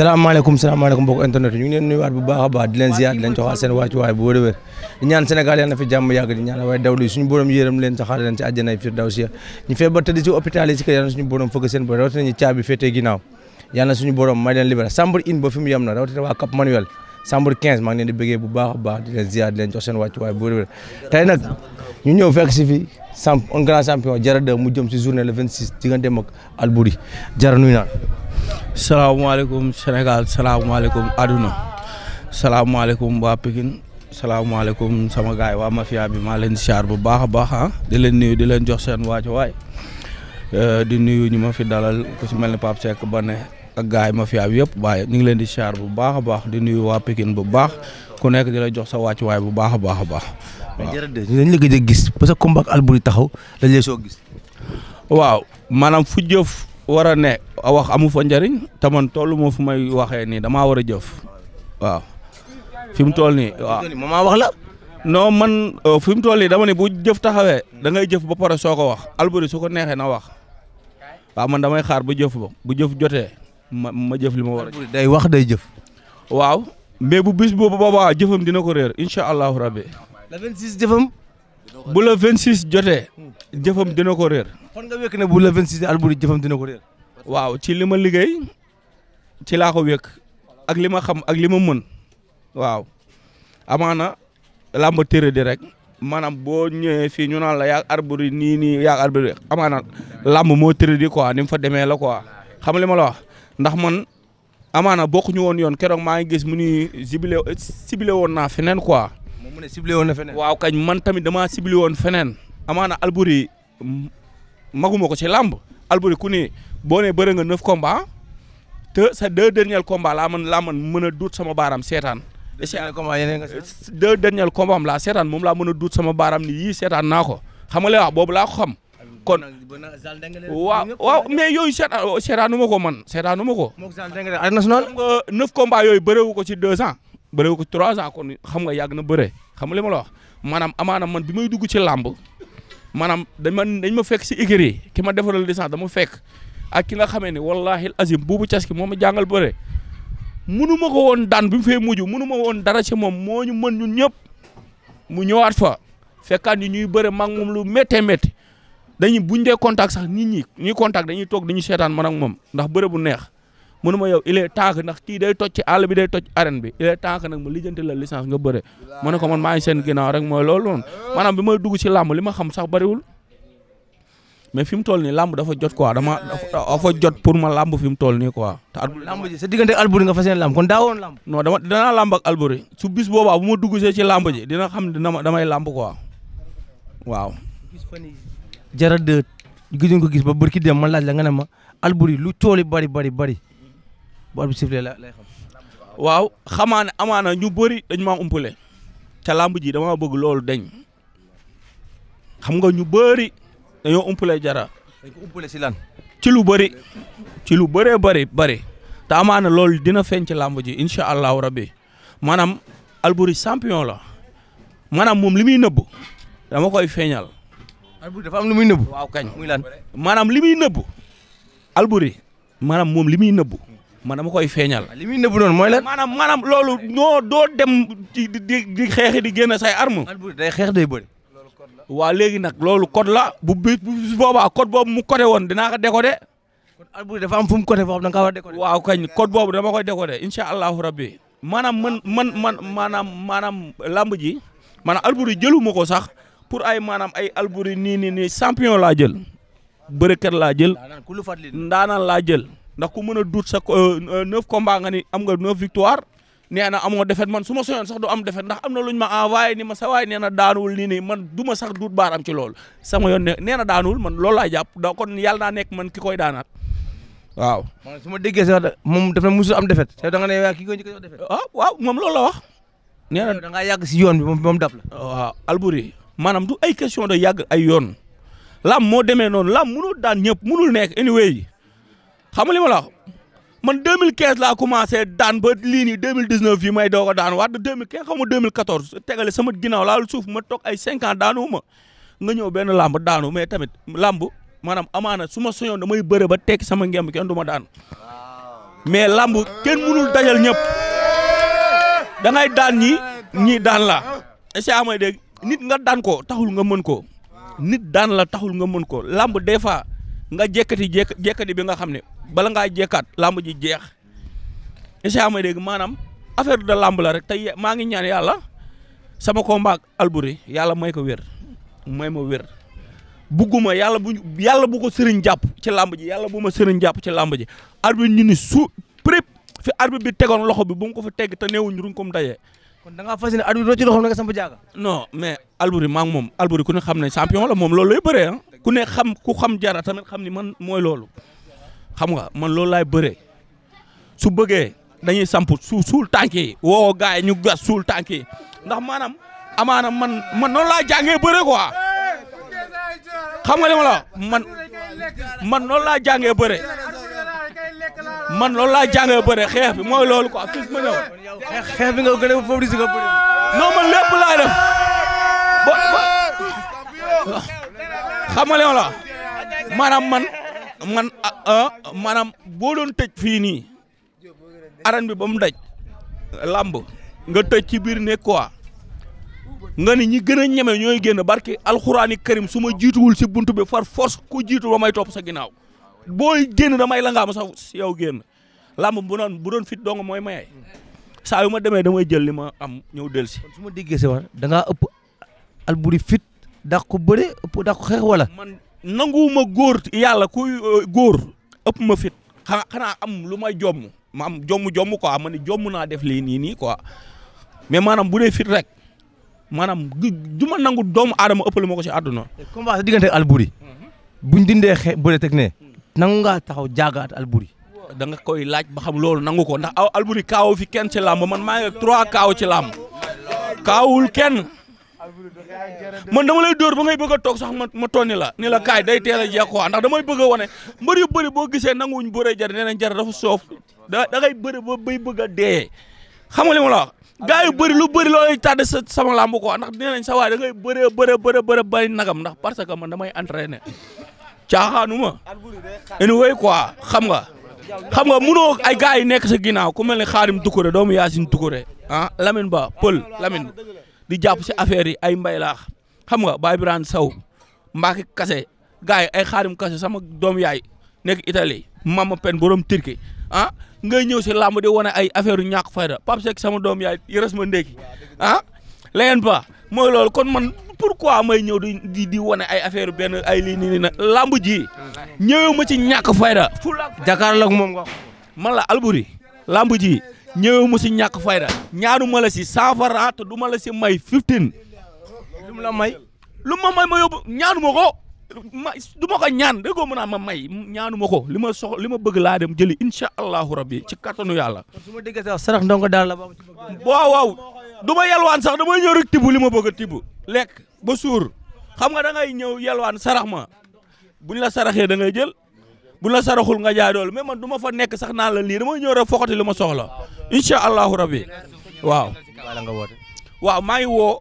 salaamaaleykum salaamaaleykum mbokk internet ñu nu leen nuyuwaat bu baax a baax di leen ziar di leen joxaat seen bu wér a ñaan Sénégal yàlla na fi jàmm yàgg di ñaan waaye dawlu suñu borom yërëm leen saxaar leen ci àjjanay firdawsiya ñu feebar tëdd ci hôpital yi ci kër yàlla na suñu borom fëgg seen bopp rawatina ñu caabi féetee ginnaaw yàlla na suñu borom may leen libéré chambre in ba fi mu yem na rawatina waa Cap Manuel chambre 15 maa di bëggee bu baax baax di leen ziar di leen jox seen wàccuwaay bu wér tey nag ñu ñëw fekk si fi champ un grand champion Diarra salaamaaleykum sama gaay waa mafia bi maa leen siyaar bu baax a baax ah di leen nuyu di leen jox seen waaco waay euh, di nuyu ñu ma fi dalal ku si mel ni Pape Seck ba ne ak gaay mafia bi yëpp waaye ñu ngi leen di siyaar bu baax a baax di nuyu waa Pikine bu baax ku nekk di la jox sa waaco waay bu baax a baax a baax. waaw jërëjëf dañ la gëj a gis parce que combat ak Alboury taxaw dañ lay soo gis. waaw maanaam fu jëf war a ne wax amu fa njariñ te man tollu moo fu may waxee nii damaa war a jëf waaw. fi mu toll nii waaw ma wax la. non man euh, fi mu toll nii dama ne bu jëf taxawee da ngay jëf ba pare soo ko wax Alboury soo ko neexee na wax waaw man damay xaar ba jëf ba bu jëf jotee ma ma jëf li ma war a. day wax day jëf. waaw mais bu bis boobu boobaa jëfam dina ko reer incha allahu rabbi. la 26 jëfam. bu la 26 jotee. jëfam dina ko reer kon nga wékk ne bu la 26 Alboury jëfam dina ko waaw ci li ma liggéey ci laa ko wékk ak li ma xam ak li ma mën. waaw amaana làmb téré di rek maanaam boo ñëwee fii ñu naan la yaag arbre nii nii yaag arbre yi amaana làmb moo téré di quoi ni mu fa demee la quoi xam li ma la wax ndax man amaana ñu woon yoon keroog maa ngi gis mu ni ciblé ciblé woon naa feneen quoi. moom mu ne woon na feneen. waaw kañ man tamit damaa ciblé woon feneen. amaana Alboury maguma ko si làmb Alboury ku ne boo nee bëre nga neuf te sa deux derniers combats laa man laa mën a duut sama baaram seetaan. deux derniers combats am laa seetaan moom laa mën a duut sama baaraam ni yii seetaan naa ko xam nga a wax boobu laa ko xam kon wa waaw mais yooyu seetaan seetaanu ma ko man seetaanu ma ko neuf combats yooyu bëreewu ko ci deux ans bëreewu ko ci trois ans kon xam nga yàgg na bëre xam nga li ma la wax maanaam amaana man bi may dugg ci làmb maanaam dañ ma dañ ma fekk si écurie ki ma defaral licence ma fekk ak ki nga xamee ne wallaahi azim buubu cas ki moo ma jàngal bëre munu ko woon daan bi mu fee mujj munu ma woon dara ci moom moo ñu mën ñun ñëpp mu ñëwaat fa fekkaat ñu ñuy bëre mag moom lu méttee métti dañuy buñ dee contact sax nit ñi ñuy contact dañuy toog dañuy seetaan man ak moom ndax bëre bu neex munu ma yow il est temps que ndax kii day toj ci àll bi day toj arène bi il est temps que nag ma lijjanti la licence nga bëre ma ne ko man maa seen ginaaw rek mooy loolu noonu maanaam bi may dugg si làmb li ma xam sax bariwul mais fi mu toll nii làmb dafa jot quoi a dafa jot pour ma lamb fi mu toll nii quoi. te at diggante ak nga fas yéene kon daawoon làmb. non dama dinaa làmb ak su bis boobaa bu ma dugg see ci làmb ji dina xam dina ko damay làmb quoi waaw. jara de gisuñ ko gis ba bërki dem ma laaj la nga ne ma Alboury lu tooli bari bari bari bu arbitre sifflé la lay xam. waaw xamaa ne amaana ñu bëri dañ ma umpale ca làmb ji dama bëgg loolu deñ xam nga ñu bëri dañoo umpale jara. dañ ko umpale si lan. ci lu bëri ci lu bëree bëri bëri te amaana loolu dina feeñ ci làmb ji incha allahu rabbi maanaam Alboury champion la maanaam moom li muy nëbbu dama koy feeñal. Alboury dafa lu muy nëbbu. waaw kañ muy lan maanaam li muy nëbbu. Alboury maanaam moom li muy nëbbu. man dama koy feeñal. li muy nëbbu noonu mooy lan. maanaam maanaam loolu noo doo dem ci di di xeexi di génn say arme. Alboury day xeex day bëri. waa léegi nag loolu code la bu bu bu boobaa code boobu mu côté woon dinaa ko décoder. kon Alboury dafa am fu mu côté foofu da nga war a décoder. waaw kañ code boobu dama koy décoder incha allahu rabbi. maanaam man man man maanaam maanaam lamb ji maanaam Alboury jëluma ko sax pour ay maanaam ay Alboury nii nii nii champion laa jël. bërëkat laa jël. ndaanaan laa jël. ndax ku mën a duut sa euh, euh, neuf combat nga ni am nga neuf victoire. nee na amoo defet man suma ma soyoon sax du am defet ndax am na luñ ma envoyé ni ma sa waay nee na daanuwul nii man du ma sax duut baaram ci lool sama yoon neena nee na man loolu laa jàpp da kon yàlla naa nekk man ki koy daanaat waaw. man su ma déggee sax moom daf na am defet te ne ki koy njëkk a ah waaw moom loolu la nee na da yàgg si yoon bi moom dab la. waaw Alboury maanaam du ay question de yàgg ay yoon lam moo demee noonu lam mënul daan ñëpp mënul nekk anyway xam nga li ma la man 2015 la commencé daan ba lii nii 2019 fii may doog a daan waat 2015 xaw ma 2014 tegale sama ginnaaw laalu suuf ma toog ay 5 ans daanu ma nga ñëw benn làmb daanu mais tamit làmb maanaam amaana su ma soñoon damay bëre ba tekki sama ngemb kenn du ma daan mais làmb kenn mënul dajal ñëpp da ngay daan ñi ñii daan la si amay dégg nit nga daan ko taxul nga mën ko nit daan la taxul nga mën ko lamb des fois nga jekkati jekk jekkati bi nga xam ne bala ngaa jekkaat làmb ji jeex incha ma dégg maanaam affaire de làmb la rek tey maa ngi ñaan yàlla sama combat ak Alboury yàlla may ko wér may ma wér bugguma yàlla bu yàlla bu ko sëriñ jàpp ci làmb ji yàlla bu ma sëriñ jàpp ci làmb ji arbitre ñu su prép fi arbitre bi tegoon loxo bi bu mu ko fa tegg te neewuñ ruñ ko mu dajee kon da ngaa fas yéene arbitre doo loxo nga samp jaaga non mais Alboury maa moom Alboury ku ne xam ne champion la moom loolu lay bëree ah. ku ne xam ku xam jara tamit xam ni man mooy loolu xam nga man loolu laay bëree su bëggee dañuy samp su suul tànk yi woo gars ñu gas suul tànk ndax maanaam amaana man man noonu laa jàngee bëre quoi xam nga li ma la man man noonu laa jàngee bëre man loolu laa jàngee bëre xeex bi mooy loolu quoi fii bi nga gën a favoriser nga bëre. non man lépp laay def xam nga li la maanaam man. man maanaam boo doon tëj fii nii arène bi ba mu daj làmb nga tëj ci biir ne quoi nga ni ñi gën a ñeme ñooy génn barki alxuraani karim su ma jiituwul si bunt bi far force ku jiitu ba may topp sa ginnaaw booy génn damay la ngaama sax si yow génn lamb bu doon bu doon fit dong mooy maye saa yu ma demee damay jël li ma am ñëw del si. kon su ma déggee si wax da ngaa ëpp alburi fit dàq ko bëre ëpp dàq xeex wala. ma góor yàlla kuy euh, góor ëpp ma fit xanaa xanaa am lu may jomm ma am jomm jomm quoi ma ne jomm naa def li nii nii quoi mais maanaam bu dee fit rek maanaam du ma nangu doomu aadama ëppale ma ko si àdduna. combat sa diggante Albouri buñ dindee xe bëre teg nangu ngaa taxaw jaagaat Albouri. da koy laaj ba xam loolu nangu ko ndax Albouri kaaw fi kenn ci làmb man maa ngi trois kaaw ci làmb kaawul kenn. man dama lay dóor ba ngay bëgg a toog sax ma ma tonni la ni la kaay day teel a jeex quoi ndax damay bëgg a wane mbër yu boo gisee nanguwuñ bëree jar nee nañ jar dafa soof da da ngay ba bay bëgg a xam li ma la bëri lu bëri loolay tàdd sa sama làmb ko ndax nee nañ sa waay da ngay bëree bëree bëree bëree bay nagam ndax parce que man damay entraîné caaxaanuma anyway a xam nga xam nga munoo ay gars yi nekk sa ginnaaw ku mel ne Xaarim Dukure doomu Yaasin Dukure ah Lamine Ba di jàpp si affaire yi ay mbay laax xam ga Baye Birane Sow Mbacké Kassé gars yi ay xaarim Kassé sama doom yaay nekk Italie mama pen borom Turquie ah ngay ñëw si làmb di wane ay affaire yu ñàkk fayda Pape Seck sama doom yaay yërës ma ndékki ah leneen ba mooy loolu kon man pourquoi may ñëw di di wane ay affaire benn ay lii nii na làmb ji ñëwee ma ci ñàkk fayda. Dakar la ak moom nga man la Albouri làmb ji ñëwee mu si ñàkk fayda ñaanu ma la si cent franc te du ma la may fifteen. lu la may. lu ma may ma yóbbu ñaanu ma ko ma du ma ko ñaan déggoo mën naa ma may ñaanu ma ko li ma sox li ma bëgg laa dem jëli incha allahu rabbi ci kattanu yàlla. su ma déggee sax sarax ndongo daal la ba waaw waaw du ma yalwaan sax damay ñëw rek tibb li ma bëgg a tibb lekk ba suur xam nga da ngay ñëw yalwaan sarax ma buñ la saraxee da jël. bu la saraxul nga jaay doole mais man du ma fa nekk sax naan la lii dama ñëw rek foxati lu ma soxla incha allahu rabbi waaw. waaw maa ngi woo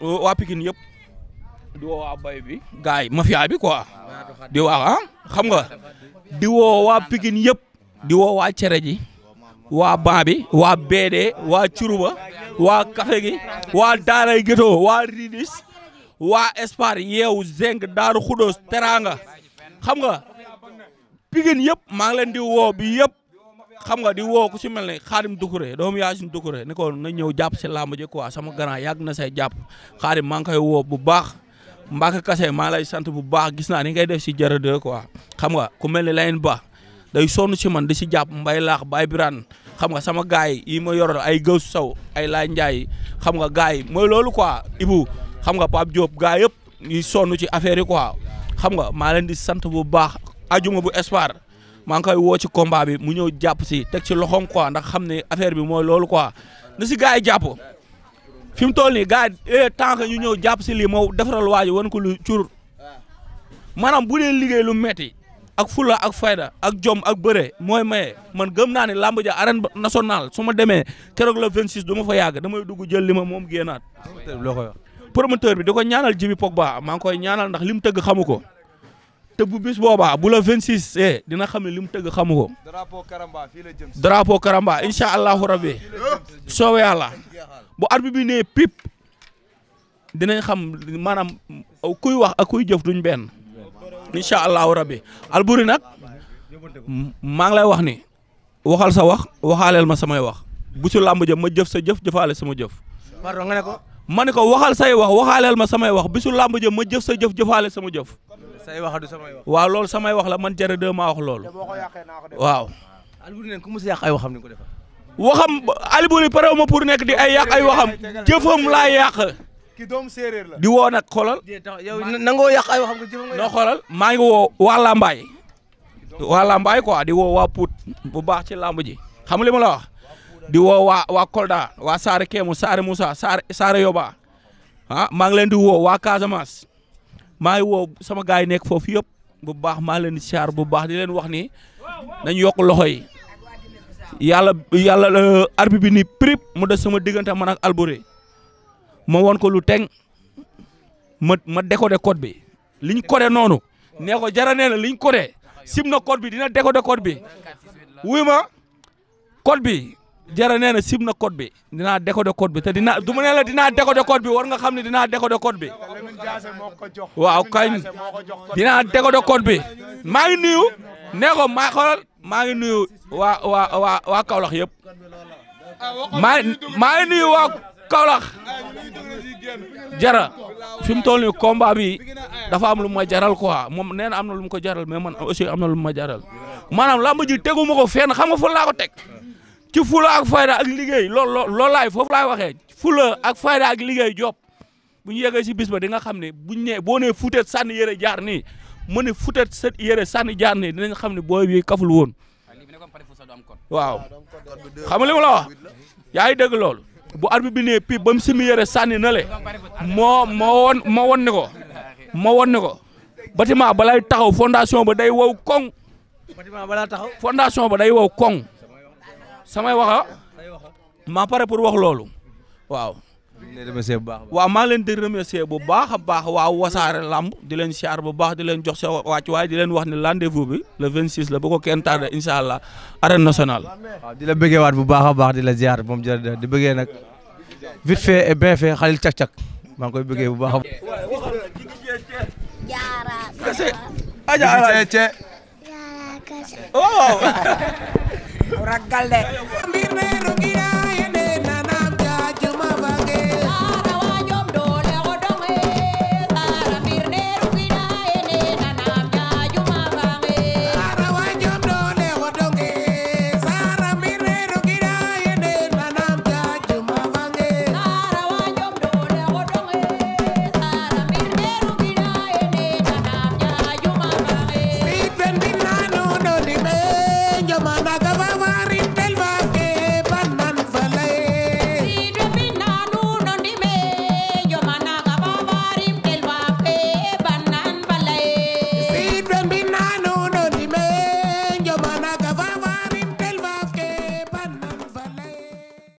uh, waa Pikine yëpp di woo waa bay bi gars yi mafia bi di waaw ah xam nga di woo waa Pikine yëpp di woo waa cere ji waa ban bi waa beede waa curuba waa café waa daaray géto waa ridis waa espar yeew zeng daaru xudoos teranga xam nga Pikine yëpp maa ngi leen di woo bi yëpp xam nga di woo ku si mel ne Xaadim Dukure doomu Yaasin Dukure ni ko na ñëw jàpp si làmb ji quoi sama grand yàgg na say jàpp Xaadim maa ngi woo bu baax Mbacke Kase maa lay sant bu baax gis naa ni ngay def si jërëjëf quoi xam nga ku mel ni Layine Ba day sonn si man di si jàpp mbay laax bay biraan xam nga sama gaay yi ma yor ay Gëw Sow ay Laay xam nga gaay mooy loolu quoi Ibu xam nga Pape Diop gaay yëpp ñuy sonn ci affaire yi quoi xam nga maa leen di sant bu baax ajuma bu espoir maa koy woo ci combat bi mu ñëw jàpp si teg ci loxoom quoi ndax xam ne affaire bi mooy loolu quoi na si gars yi jàpp fi mu toll nii gars eh, tant que ñu ñëw jàpp si lii moo defaral waaji wan ko lu cur maanaam bu dee liggéey lu metti ak fula ak fayda ak jom ak bëre mooy maye man gëm naa ne làmb ja nasonal nationale su ma demee keroog la 26 du ma fa yàgg damay dugg jël li ma moom génnaat. promoteur bi di ko ñaanal Jibi Pogba maa ngi koy ñaanal ndax li mu tëgg xamu ko. te bu bis boobaa bula vingt 26 eh, dina xam ne li mu tëgg xamu ko. drapeau karamba fii la jëm drapeau karamba incha allahu rabbi soobee yàlla bu arbitre bi nee pip dinañ xam maanaam kuy wax ak kuy jëf duñ benn incha allahu rabbi Alboury nag maa ngi lay wax ni waxal sa wax waxaaleel ma samay wax bu su làmb jëf ma jëf sa jëf jëfale sama jëf. ma ne ko waxal say wax waxaaleel ma samay wax bisu làmb jëm ma jëf sa jëf jëfaale sama jëf. say wax du samay loolu samay wax la man jare ma maa wax loolu. waaw. Alioune nag ku mos a yàq ay waxam ni ko defal. waxam Alioune pare ma pour nekk di ay yàq ay waxam jëfam laa yàq. ki doom séeréer la. di woo nag xoolal. yow nangoo yàq ay waxam jëfam nga. noo xoolal maa ngi woo waa Lambaay. waa Lambaay quoi di woo waa Pout bu baax ci làmb ji xam li ma la wax. di woo waa waa Kolda waa Saare Kéemu Saare Moussa Saare Saare Yoba ah maa ngi leen di woo waa Casamance maa ngi woo sama gars yi nekk foofu yëpp bu baax maa ngi leen di siyaar bu baax di leen wax ni nañu yokk loxo yi yàlla yàlla euh, arbitre bi ni prip mu des sama diggante man ak Alboury ma won ko lu teg ma ma décoder code bi li ñu noonu nee ko jara nee na li ñu codé sim na code bi dina décoder code bi wuy ma code bi jara nee na sib na code bi dinaa décoder code bi te dina du ma ne la dinaa décoder code bi war nga xam ne dinaa décoder code bi waaw kañ dinaa décoder code bi maa ngi nuyu nee ko maa xoolal maa ngi nuyu waa waa waa waa Kaolack yëpp maa maa ngi nuyu waa Kaolack jara fi mu toll nii combat bi dafa am lu ma jaral ko quoi moom nee na am na lu mu ko jaral mais man aussi am na lu ma jaral maanaam tegu ma ko fenn xam nga fan laa ko teg. ci fula ak fayda ak liggéey lool loolu laay foofu laay waxee fula ak fayda ak liggéey job bu ñu yeggee si bis ba di nga xam ne bu ñu nee boo ne fuuteet sànni yére jaar ni mu ne fuuteet sa yére sànni jaar nii dinañ xam ne booy bi kaful woon waaw xam nga li ma la yaa ngi dégg loolu bu arbi bi nee pip ba mu simi yére sànni na le moo moo woon moo woon ne ko moo woon ne ko bâtiment balay taxaw fondation ba day wow koŋ bâtiment balaa taxaw fondation ba day wow koŋ samay waxa maa pare pour wax loolu waaw. waaw maa leen di remercier bu baax a baax waaw wasaare lamb di leen siyaar bu baax di leen jox sa wàcc waaye di leen wax ne rendez-vous bi le 26 la bu kenn tardé incha allah arène national di la bëggee waat bu baax baax di la ziar moom jërëjëf di bëggee nag vite fait et bien fait xalil cak maa ngi koy bëggee bu baax a baax. jaara kase. jaara kase. waaw. ragal de